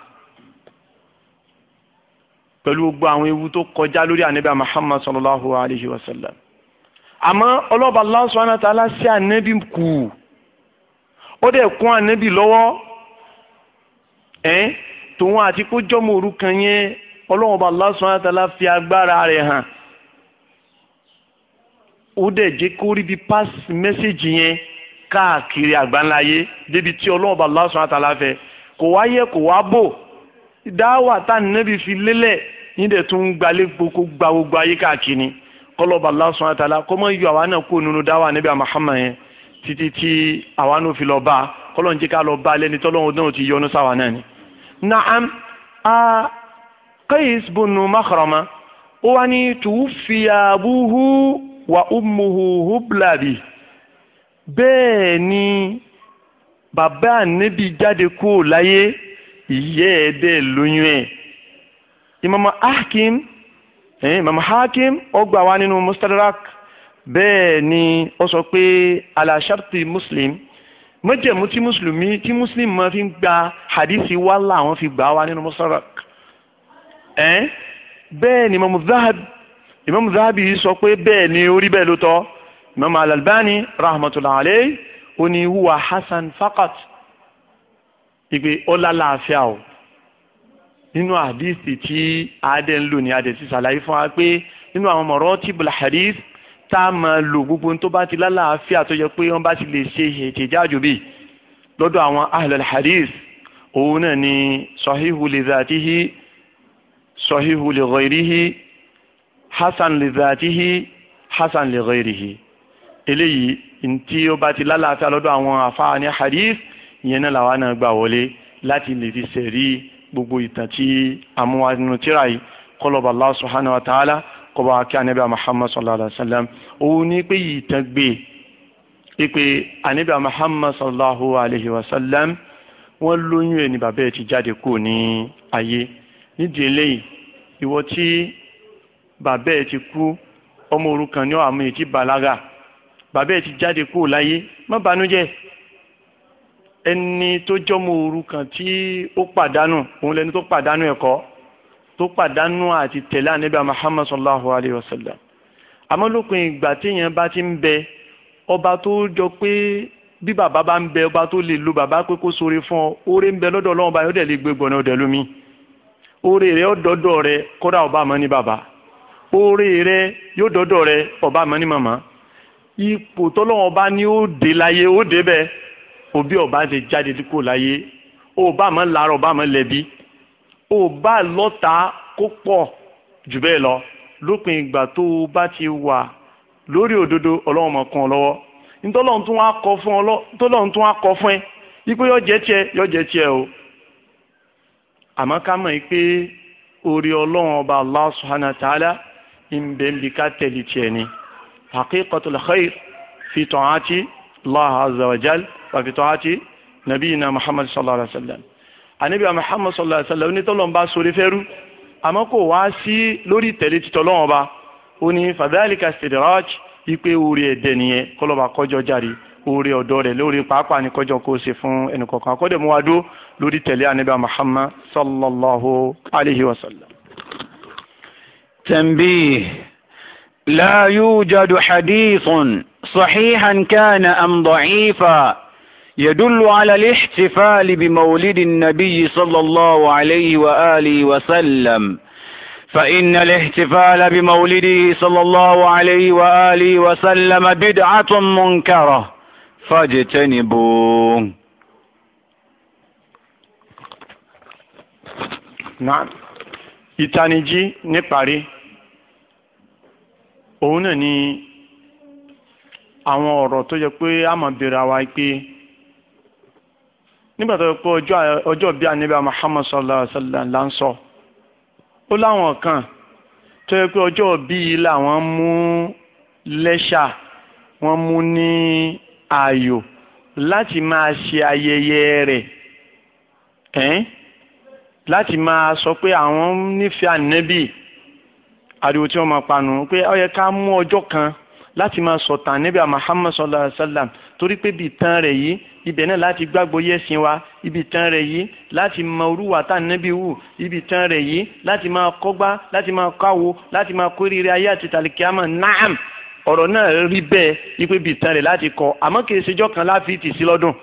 pẹ̀lú gbogbo àwọn ewu tó kọjá lórí ànábì Muhammad sallallahu alayhi wa sallam àmọ́ ọlọ́ba Allah subhanahu wa ta'ala sí ànábì kù ó dẹ̀ kún ànábì lọ́wọ́ ẹ̀ tòun àti kó jọ́mọ̀ orúkan yẹn ọlọ́run ọba Allah subhanahu wa ta'ala fi agbára rẹ̀ hàn ó dẹ̀ jẹ́ kó rí bí pass message yẹn káàkiri àgbáńláyé débi tí ọlọ́run ọba Allah subhanahu wa ta'ala fẹ́ kò wá yẹ kò wá bò dáwà tá nínú fi lélẹ̀ yín dẹ̀ tún gbalẹ̀ gbogbo gba gbogbo ayé káàkiri kọlọ́ba Allah subhanahu wa kọ́ mọ́ iyọ̀ àwa náà kó nínú dáwà níbi Muhammad yẹn títí tí àwa náà fi lọ bá kọ́lọ́n jẹ́ ká lọ bá lẹ́ni tọ́lọ́run náà ti yọ́nú sáwa náà ni. naam a. Ah, Qais bunu Makhrama ó wá ní tuwufiya abuhu wa umuhu hublabi bẹ́ẹ̀ ni bàbá ànábì jáde kúrò láyé ìyẹ́ ẹ̀ dẹ́ lóyún ẹ̀ imam ahkim eh, imam hakim ó gbà wá nínú mustadrak bẹ́ẹ̀ ni ó sọ pé ala muslim mọ́jẹ̀mú tí muslim máa fi gba hadisi wàhálà àwọn fi gbà wá nínú mustadrak ẹ́n bẹ́ẹ̀ ni imam zahabi imam zahabi yìí sọ pé bẹ́ẹ̀ ni orí bẹ́ẹ̀ ló tọ́ imam alalbani rahmatulah alayhi ó ní huwa hasan fakat ìpè ọlá làáfíà o nínú àdìsí tí adé ń lò ní adé ti fún wa pé nínú àwọn mọ̀rọ́ tí bùlá tá a máa lò gbogbo tó bá ti lálàáfíà tó yẹ pé wọ́n bá ti lè ṣe ètèjáàjò bíi lọ́dọ̀ àwọn ahlul hadith òun náà ni sahihu lizatihi sọ̀híhu li ghayrihi hasan li dhatihi hasan li ghayrihi eléyìí ntí ó bá ti lálàáfíà lọ́dọ̀ àwọn afáà ní hadith ìyẹn náà làwọn náà gbà wọlé láti lè fi sẹ̀rí gbogbo ìtàn tí amúhánú tíra yìí kọlọ́ba Allah subhanahu wa ta'ala kọba akẹ́ anabi Muhammad sallallahu alayhi wa sallam òun ní pé ìtàn gbé ipe anabi Muhammad sallallahu alayhi wa sallam wọ́n lóyún ẹni bàbá ti jáde kú ní ayé nídìí eléyìí ìwọ tí bàbá ẹ ti kú ọmọ òrukàn ní àmì ètí bàlágà bàbá ẹ ti jáde kúrò láyé má banújẹ́ ẹni tó jọmọ òrukàn tí ó pàdánù òun lẹni tó pàdánù ẹ̀kọ́ tó pàdánù àti tẹ̀lé ànábì Muhammad sallallahu alayhi wa sallam àmọ́ lópin ìgbà téèyàn bá ti ń bẹ ọba tó jọ pé bí bàbá bá ń bẹ ọba tó lè lo bàbá pé kó ṣoore fún ọ oore ń bẹ lọ́dọ̀ Ọlọ́run báyọ dẹ lè gbé gbọnà ọdẹ lómi oore rẹ ọdọọdọ rẹ kódà ọba àmọ ní bàbá oore re yóò dọdọ rẹ ọba àmọ ní màmá ipò tọlọ́wọ́n bá ní ó dé láyé ó dé bẹ́ẹ̀ òbí ọba ti jáde kó láyé ọba àmọ lára ọba lara ọba lọ́ta kó pọ̀ jù bẹ́ẹ̀ lọ lópin ìgbà tó o bá ti wà lórí òdodo ọlọ́wọ́n mọ̀ kàn lọ́wọ́ ntọ́lọ́run tún wa kọ fún ẹ ipò yọjẹ tiẹ tiẹ o. àmọ́ ká mọ̀ pé orí ọlọ́run ọba Allah subhanahu wa ta'ala ń bẹ ń bi ká tẹ̀lé tiẹ̀ ni haqiqatul khair fi ta'ati Allah azza wa jal wa fi ta'ati nabiyina Muhammad sallallahu alaihi wa sallam anabi Muhammad sallallahu alaihi wa sallam onítọ́lọ́n bá sórí fẹ́rú àmọ́ kò wá sí lórí tẹ̀lé titọ́ lọ́wọ́n ba ó ní fadhalika istidraj ipe orí ẹ̀dẹ̀ nìyẹn kọ́lọ́ba kọjọ jáde orí ọ̀dọ́ rẹ̀ lórí pàápàá ní kọjọ kó o ṣe fún ẹnìkọ̀ọ̀kan akọ́dẹ̀mú wa dúró lórí tẹ̀lé ànábì محمد sallallahu alayhi wa sallam. تنبيه لا يوجد حديث صحيحا كان أم ضعيفا يدل على الاحتفال بمولد النبي صلى الله عليه وآله وسلم فإن الاحتفال بمولده صلى الله عليه وآله وسلم بدعة منكرة فاجتنبوه náà ìtanijí níparí òun náà ni àwọn ọ̀rọ̀ tó yẹ pé a máa bèèrè àwa pé nígbà tó yẹ pé ọjọ́ bíi ànábì Muhammad sallallahu alaihi wa sallam là ń sọ ó láwọn kan tó yẹ pé ọjọ́ bíi làwọn mú lẹ́ṣà wọ́n mú ní ààyò láti máa ṣe ayẹyẹ rẹ̀ ẹ́n. Eh? láti máa sọ pé àwọn nífẹ̀ẹ́ ànẹ́bì ariwo tí wọ́n máa panu pé ó yẹ ká mú ọjọ́ kan láti máa sọ tàn ànẹ́bì Muhammad sallallahu alayhi wa sallam torí pé ibi ìtàn rẹ̀ yìí ibẹ̀ náà láti gbàgbọ́ yẹ̀sìn wa ibi ìtàn rẹ̀ yìí láti mọ orúwà tá ànẹ́bì wù ibi ìtàn rẹ̀ yìí láti máa kọ́gbá láti máa káwo láti máa kórìíra ayé àti tàlíkíámà naam ọ̀rọ̀ náà rí bẹ́ẹ̀ ipe ibi ìtàn rẹ̀ láti kọ àmọ́ kì í ṣèjọ́ kan láfi tì sí lọ́dún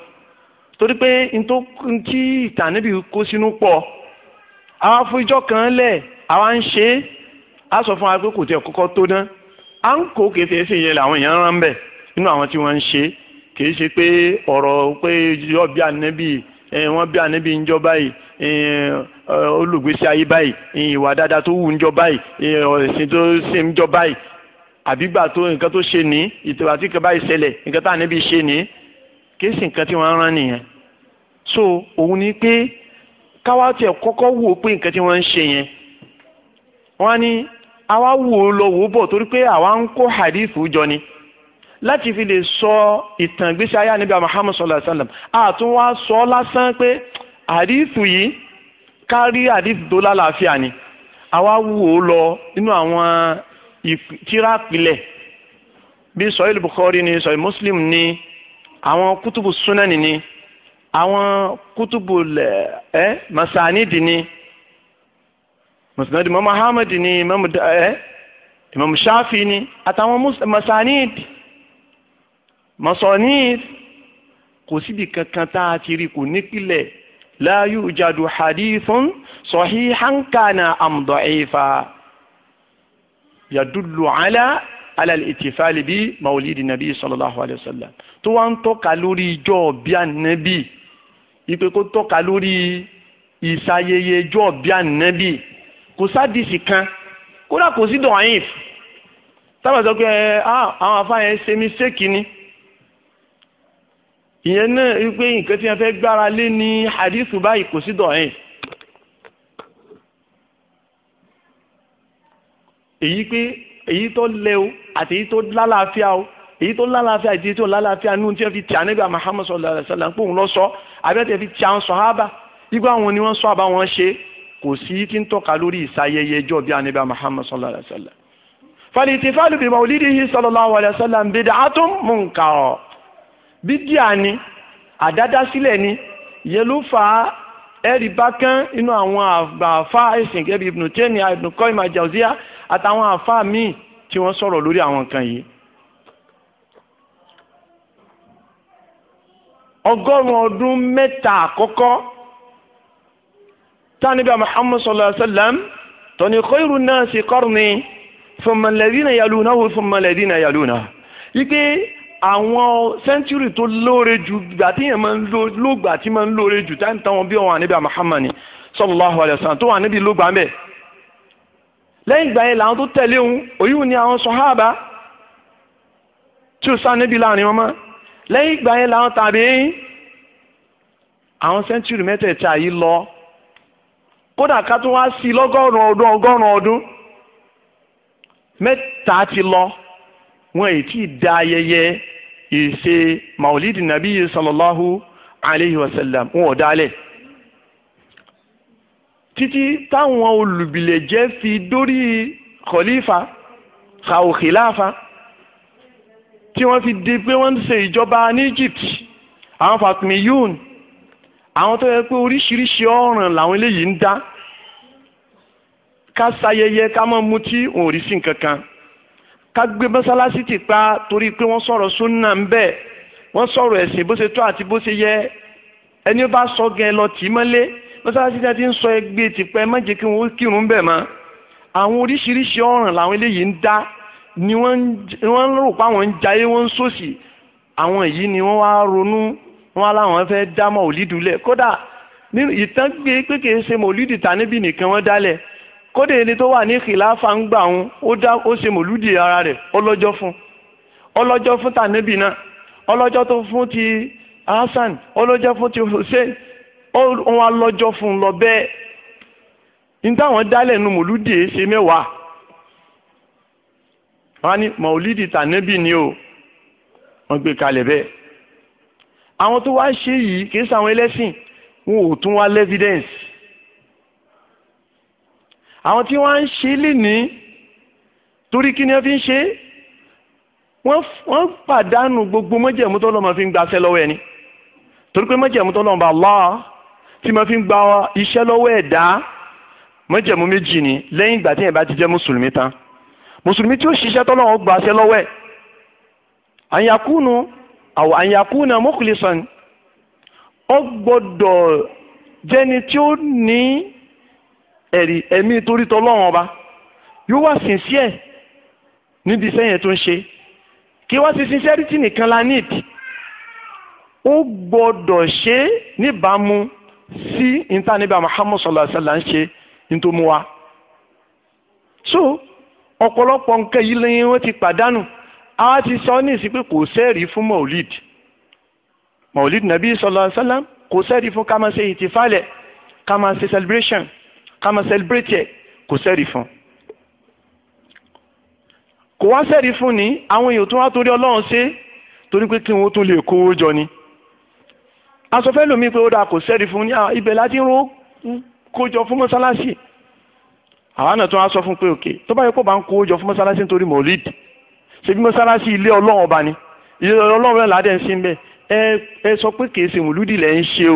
torí pé ntí ìtàn ànẹ́bì kó sínú pọ̀ àwa fún ijọ́ kan lẹ̀ àwa ń ṣe é a sọ fún wa pé kò tiẹ̀ kọ́kọ́ tó dán à ń kó kéfèéfé yẹn làwọn èèyàn rán bẹ̀ nínú àwọn tí wọ́n ń ṣe kì í ṣe pé ọ̀rọ̀ pé yọ bí ànábì wọ́n bí ànábì ń jọ báyìí olùgbésí ayé báyìí ìwà dáadáa tó wù ń jọ báyìí ẹ̀sìn tó sì ń jọ báyìí àbígbà tó nǹkan tó ṣe ní ìtura tí kaba ìṣẹ̀lẹ̀ nǹkan tá ànábì ṣe ní kì í sì nǹkan tí wọ́n rán nìyẹn so òun ni pé káwá tiẹ̀ kọ́kọ́ wò ó pé nǹkan tí wọ́n ń ṣe yẹn wọ́n á ní àwa wò ó lọ wò ó bọ̀ torí pé àwa ń kó hadith jọ ni láti fi lè sọ ìtàn ìgbésí ayé ànábì Muhammad sallallahu alaihi wasallam àtúnwá sọ lásán pé hadith yìí kárí hadith tó lálàáfíà ni àwa wò ó lọ nínú àwọn tíráàpìlẹ̀ bí sọ́yìn Bukhari ni sọ́yìn Muslim ni àwọn kútùbù súnẹ́ni ni àwọn kutubu lẹ ẹ masani dini masani dini muhammad dini imam ẹ imam shafi ni àtàwọn masani masani kò síbi kankan tá a ti rí kò nípìlẹ̀ la yujadu hadithun sahihan kana am da'ifa yadullu ala alal itifali bi mawulidi nabi sallallahu alayhi wa sallam tó wá ń tọ́ka lórí ijó bíi anabi ipe kó tọ́ka lórí ìsayẹyẹ ẹjọ́ ọ̀bí ànábì kò sádìsì kan kódà kò sí dọ̀hìn sábà sọ pé eh, àwọn afáyẹn ṣe mí ṣéèkì ni ìyẹn náà wípé nǹkan tí wọn fẹ́ gbára lé ní hadith báyìí kò sí dọ̀hìn. èyí pé èyí tó lẹ o àti èyí tó lálàáfíà o èyí tó lálàáfíà àti èyí tó lálàáfíà nínú tí wọn fi tì ànábì Muhammad sallallahu alaihi ń pòun lọ sọ àbẹ́tẹ̀ fi ti àwọn sọ̀hábà igbó àwọn ni wọ́n sọ àbá wọn ṣe kò sí tí ń tọ́ka lórí ìsayẹyẹ ẹjọ́ bí anibà Muhammad sallallahu alayhi wa sallam falitifalu bi maulidihi sallallahu alayhi wa sallam bid'atun munkar bídíà ni àdádásílẹ̀ ni ìyẹn ló fà á ẹ̀rí bákan inú àwọn àfà ẹ̀sìn gẹ́gẹ́ bí Ibn Taymiyyah Ibn Qayyim al-Jawziyah àtàwọn àfà míì tí wọ́n sọ̀rọ̀ lórí àwọn nǹkan yìí ọgọ́rùn-ún ọdún mẹ́ta àkọ́kọ́ tánibà muhammad sallallahu alayhi wa sallam tọ́ni khayru nasi qarni thumma alladhina yalunahu thumma alladhina yalunahu yíké àwọn sẹ́ńtúrì tó lóore jù gbà tí yẹn máa ń lo lóògbà tí máa ń lóore jù táyà ń tán wọn bí wọn àníbà muhammad sallallahu alayhi wa sallam tó wà níbi lóògbà mẹ́ lẹ́yìn ìgbà yẹn làwọn tó tẹ̀lé òun òyìnbó ni àwọn sọ̀háàbà tí ó sá níbi láàrin wọn máa lẹ́yìn ìgbà yẹn làwọn tàbí àwọn sẹ́ńtúrì mẹ́tẹ̀ẹ̀ta yìí lọ kódà ká tún wá sí lọ́gọ́rùn-ún ọdún ọgọ́rùn-ún ọdún mẹ́ta ti lọ wọn èyí tí ì da ayẹyẹ ìṣe maulidi nabi sallallahu alayhi wa sallam wọn ò dálẹ̀ títí táwọn olùbìlẹ̀jẹ́ fi dórí khalifa kàwé khilafa tí wọ́n fi di pé wọ́n ń ṣe ìjọba ní Egypt àwọn Fatimiyun àwọn tó yẹ pé oríṣiríṣi ọ̀ràn làwọn eléyìí ń dá ká sayẹyẹ ká má mutí wọn ò rí sí nǹkan kan ká gbé mọ́sálásí ti pa torí pé wọ́n sọ̀rọ̀ súnà ń bẹ̀ wọ́n sọ̀rọ̀ ẹ̀sìn bó ṣe tó àti bó ṣe yẹ ẹni bá sọ gẹ̀ lọ tì í mọ́lé mọ́sálásí náà ti ń sọ ẹgbẹ́ tìpẹ́ má kí wọ́n kírun bẹ̀ mọ́ àwọn oríṣiríṣi ọ̀ràn làwọn eléyìí ń dá ni wọ́n rò pé àwọn ń jayé wọ́n ń sòsì àwọn yìí ni wọ́n wá ronú wọn làwọn fẹ́ dá mọ̀lídù lẹ̀ kódà nínú ìtàn gbé pé kì í ṣe mọ̀lídù ta níbi nìkan wọ́n dálẹ̀ kódà ẹni tó wà ní kìláfà ń gbà wọn ó ṣe mọ̀lúdì ara rẹ̀ ọlọ́jọ́ fún ọlọ́jọ́ fún tànẹ́bì náà ọlọ́jọ́ tó fún ti Hasan ọlọ́jọ́ fún ti Hussein wọn lọ́jọ́ fún lọ bẹ́ẹ̀ ní táwọn dálẹ̀ nu mọ̀lúdì ṣe mẹ́wàá wọ́n á ní mọ̀lídìí tànẹ́bì ni o wọ́n gbé kalẹ̀ bẹ́ẹ̀ àwọn tó wá ṣe yìí kìí ṣe àwọn ẹlẹ́sìn wọn ò tún wá lẹ́fídẹ́ǹsì àwọn tí wọ́n ń ṣe lénìí torí kí ni wọ́n fi ń ṣe wọ́n pàdánù gbogbo mọ́jẹ̀mú tó lọ́mọ fi ń gbaṣẹ́ lọ́wọ́ ẹni torí pé mọ́jẹ̀mú tó lọ́mọ Allah tí mo fi ń gba iṣẹ́ lọ́wọ́ ẹ̀dá mọ́jẹ̀mú méjì ni lẹ́yìn ìgbà tí yẹn bá ti jẹ́ mùsùlùmí tán mùsùlùmí tí ó ṣiṣẹ́ tọ́lọ́wọ́ gbà ṣe lọ́wọ́ ẹ̀ àyàkúnu àwọn àyàkúnu mọ́kùlẹ́sàn ó gbọ́dọ̀ jẹ́ni tí ó ní ẹ̀rí ẹ̀mí torí tọ́lọ́wọ́ ọba yóò wá sincere níbi iṣẹ́ yẹn tó ń ṣe kí wá sí sincerity nìkan la need ó gbọ́dọ̀ ṣe níbàámu sí ìntànibà Muhammad sallallahu alaihi wa ṣe ní tó mú wa so ọ̀pọ̀lọpọ̀ nǹkan yìí lẹ́yìn wọ́n ti pàdánù àwa ti sọ ní ìsìn kò sẹ́ẹ̀rí fún maulid maulid nabi sallallahu alaihi wasallam kò sẹ́ẹ̀rí fún ká máa ṣe ìtìfálẹ̀ ká máa ṣe celebration ká máa celebrate ẹ̀ kò sẹ́ẹ̀rí fún. kò wá sẹ́ẹ̀rí fún ni àwọn èèyàn tó wá torí ọlọ́run ṣe torí pé kí wọ́n tún lè kówó jọ ni. asọ̀fẹ́ lomi pé ó dáa kò sẹ́ẹ̀rí fún ni ibẹ̀ láti ń ro kójọ fún mọ́sálásì àwọn náà tún á sọ fún pé òkè tó bá yẹ kó bá ń kó jọ fún mọ́sálásí nítorí mọ̀lídì ṣebí mọ́sálásí ilé ọlọ́run ọba ni ilé ọlọ́run náà ládẹ́ ń sin bẹ́ẹ̀ ẹ ẹ sọ pé kìí ṣe mọ̀lúdì lẹ́ ń ṣe o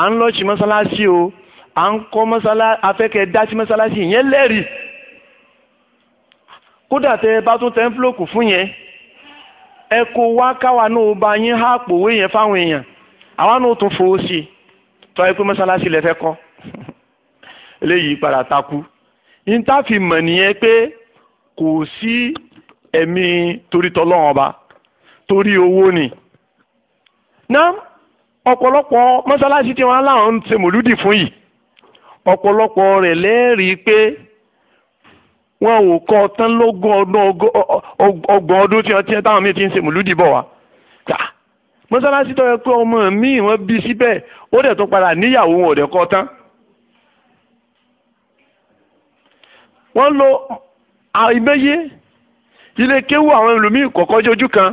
à ń lọ́ọ̀ṣì mọ́sálásí o à ń kọ́ mọ́sálásí afẹ́kẹ́ dá sí mọ́sálásí ìyẹn lẹ́rìí kódà tẹ bá tún tẹ ń fúlòkù fún yẹn ẹ kó wá káwa náà bá yín há pòwé yẹn fáwọn èèyàn àwa ìntàfi mọ̀ nìyẹn pé kò sí ẹ̀mí torítọ́ lọ́wọ́n ọba torí owó ni. náà ọ̀pọ̀lọpọ̀ mọ́sálásí tí wọ́n láwọn ń ṣe mòlúdì fún yìí ọ̀pọ̀lọpọ̀ rẹ̀ lẹ́rìí pé wọn ò kọ́ tán lógún ọdún ọgbọ̀n ọdún tí wọ́n ti táwọn míì ti ń ṣe mòlúdì bọ̀ wá. mọ́sálásí tó yẹ pé ọmọ mi wọ́n bí síbẹ̀ ó dẹ̀ tó padà níyàwó wọn ò dẹ̀ kọ́ tán. wọ́n lo àìmọye ilé kéwú àwọn ẹlòmíì kọ̀ọ̀kan jójú kan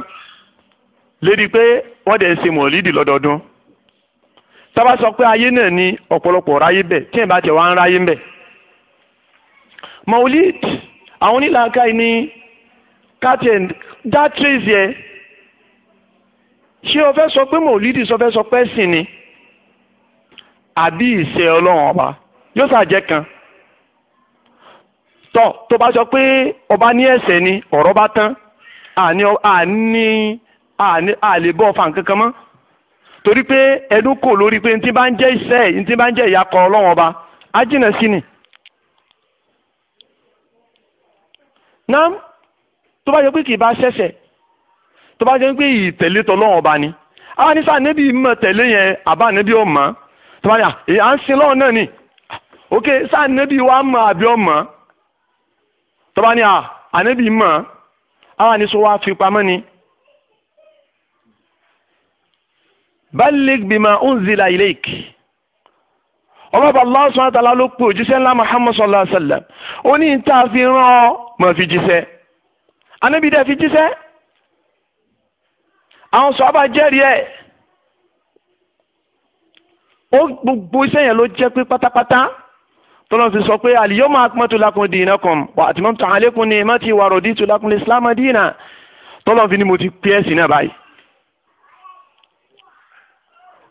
lédi pé wọ́n dẹ̀ ṣe mọ̀lídì lọ́dọọdún tá bá sọ pé ayé náà ni ọ̀pọ̀lọpọ̀ ráyé bẹ̀ tí ẹ̀ bá tẹ̀ wá ń ráyé bẹ̀. mọ̀líd àwọn onílàáká yìí ní kátẹ́ǹd ẹ̀ ṣé o sọ pé mọ̀lídì sọ sọ pé ẹ̀sìn ni àbí ìṣe ọlọ́run ọba yóò ṣàjẹ́ kan tọ́ tó bá sọ pé ọba ní ẹ̀ṣẹ̀ ni ọ̀rọ̀ bá tán àní àní àní àlebọ́ ọ̀fà nkankan mọ́ torí pé ẹnu kò lórí pé ntí bá ń jẹ́ iṣẹ́ ntí bá ń jẹ́ ìyàkọ̀ ọlọ́wọ́n ọba á jìnà sí ni. náà tó bá yẹ pé kì í bá ṣẹ̀ṣẹ̀ tó bá jẹ́ pé ìtẹ̀lé tọ́lọ́wọ́n ọba ni àwọn nísà níbi ìmọ̀ tẹ̀lé yẹn àbá níbi ọ̀mọ́ tó bá yà à ń sin lọ́wọ́ náà ni ah, ok sáà níbi wa mọ̀ àbí ọ̀mọ́ tọ́ba ni à ànábì mọ̀ àwọn àníṣó wa fi pamọ́ ni. balig bima unzila ilayk ọlọ́ba allah subhanahu wa ta'ala ló pè òjíṣẹ́ ńlá muhammad sallallahu alayhi wa sallam ó ní ta fi rán ọ mọ̀ fi jíṣẹ́ ànábì dẹ̀ fi jíṣẹ́ àwọn sọ́ọ́bà jẹ́rìí ẹ̀ ó gbogbo iṣẹ́ yẹn ló jẹ́ pé pátápátá tọ́lọ́ ti sọ pé al-yawma akmaltu lakum dinakum wa atmamtu alaykum ni'mati wa raditu lakum al-islama dina tọ́lọ́ fi ni mo ti pé ẹ̀sìn náà báyìí.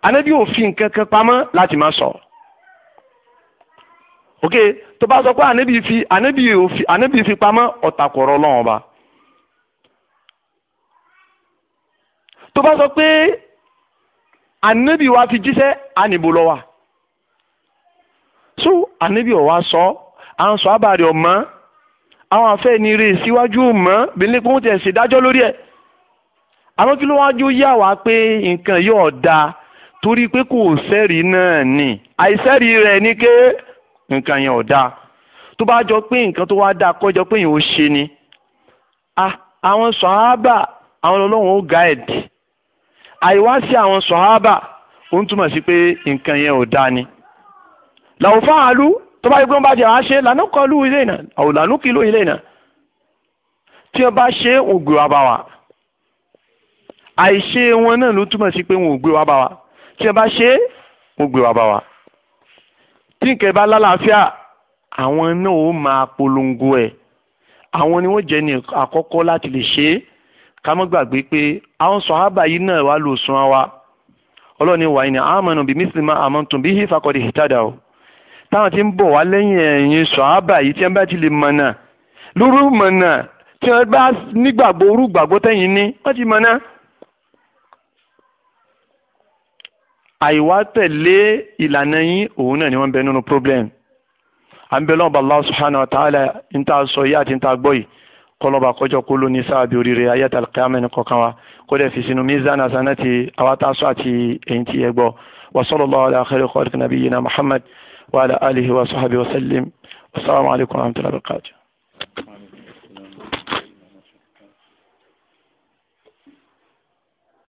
anabi òfin kankan pamọ́ láti máa sọ ok tó bá sọ pé anabi fi anabi òfin anabi fi pamọ́ ọ̀tàkọ̀rọ̀ lọ́wọ́n ba tó bá sọ pé anabi wa fi jíṣẹ́ ànìbó lọ́wọ́ so ànábì ọ̀wá sọ à ń sọ abàrẹ̀ ọ̀mọ́ àwọn afẹ́nire síwájú mọ́ bílẹ̀ pé wọ́n ti ẹ̀sìn dájọ́ lórí ẹ̀ àwọn kí ló wájú yà wá pé nǹkan yóò da torí pé kò sẹ́rí náà ni àìsẹ́rí rẹ̀ ni pé nǹkan yẹn ò da tó bá jọ pé nǹkan tó wá da kọjọ pé yẹn ò ṣe ni àwọn sọ̀hábà àwọn ọlọ́run ó gáẹ̀dì àìwá sí àwọn sọ̀hábà ó ń túmọ̀ sí pé nǹkan yẹn ò da ni làwọn fáàlú tó bá yẹ pé wọ́n bá jẹ àwọn àṣẹ lànà kọlu ilé iná àwọn lànà kìlú ilé iná tí wọ́n bá ṣe ògbé wa bá wa àìṣe wọn náà ló túmọ̀ sí pé wọn ò gbé wa bá wa tí wọ́n bá ṣe wọn gbé wa bá wa tí nǹkan bá lálàáfíà àwọn náà ó máa polongo ẹ̀ àwọn ni wọ́n jẹ́ ní àkọ́kọ́ láti lè ṣe é ká gbàgbé pé àwọn sọ̀hábà yìí náà wà lóṣùn wa ọlọ́ni wàá ní àmọ́nà bíi mísìlímà àmọ́ntún bíi hífakọ̀dé hìtádà o táwọn ti ń bọ̀ wá lẹ́yìn ẹ̀yìn sọ̀hábà yìí tí wọ́n bá ti lè mọ̀nà lóru mọ̀nà tí wọ́n bá nígbàgbọ́ orú gbàgbọ́ tẹ̀yìn ní wọ́n ti mọ̀nà. àìwá tẹ̀lé ìlànà yín òun náà ni wọ́n bẹ nínú problem à ń bẹ lọ́wọ́ Allah subhanahu wa ta'ala ń ta sọ yá àti ń ta gbọ́ yìí kọlọba kọjọ kó ló ní sáàbì oríire ayẹta alqiyama ní kọkan wa kó dẹ fi sínú mizan hasanati àwa tá àti èyí tí ẹ gbọ́ wa sallallahu ala khairi Muhammad. وعلى آله وصحبه وسلم والسلام عليكم ورحمة الله وبركاته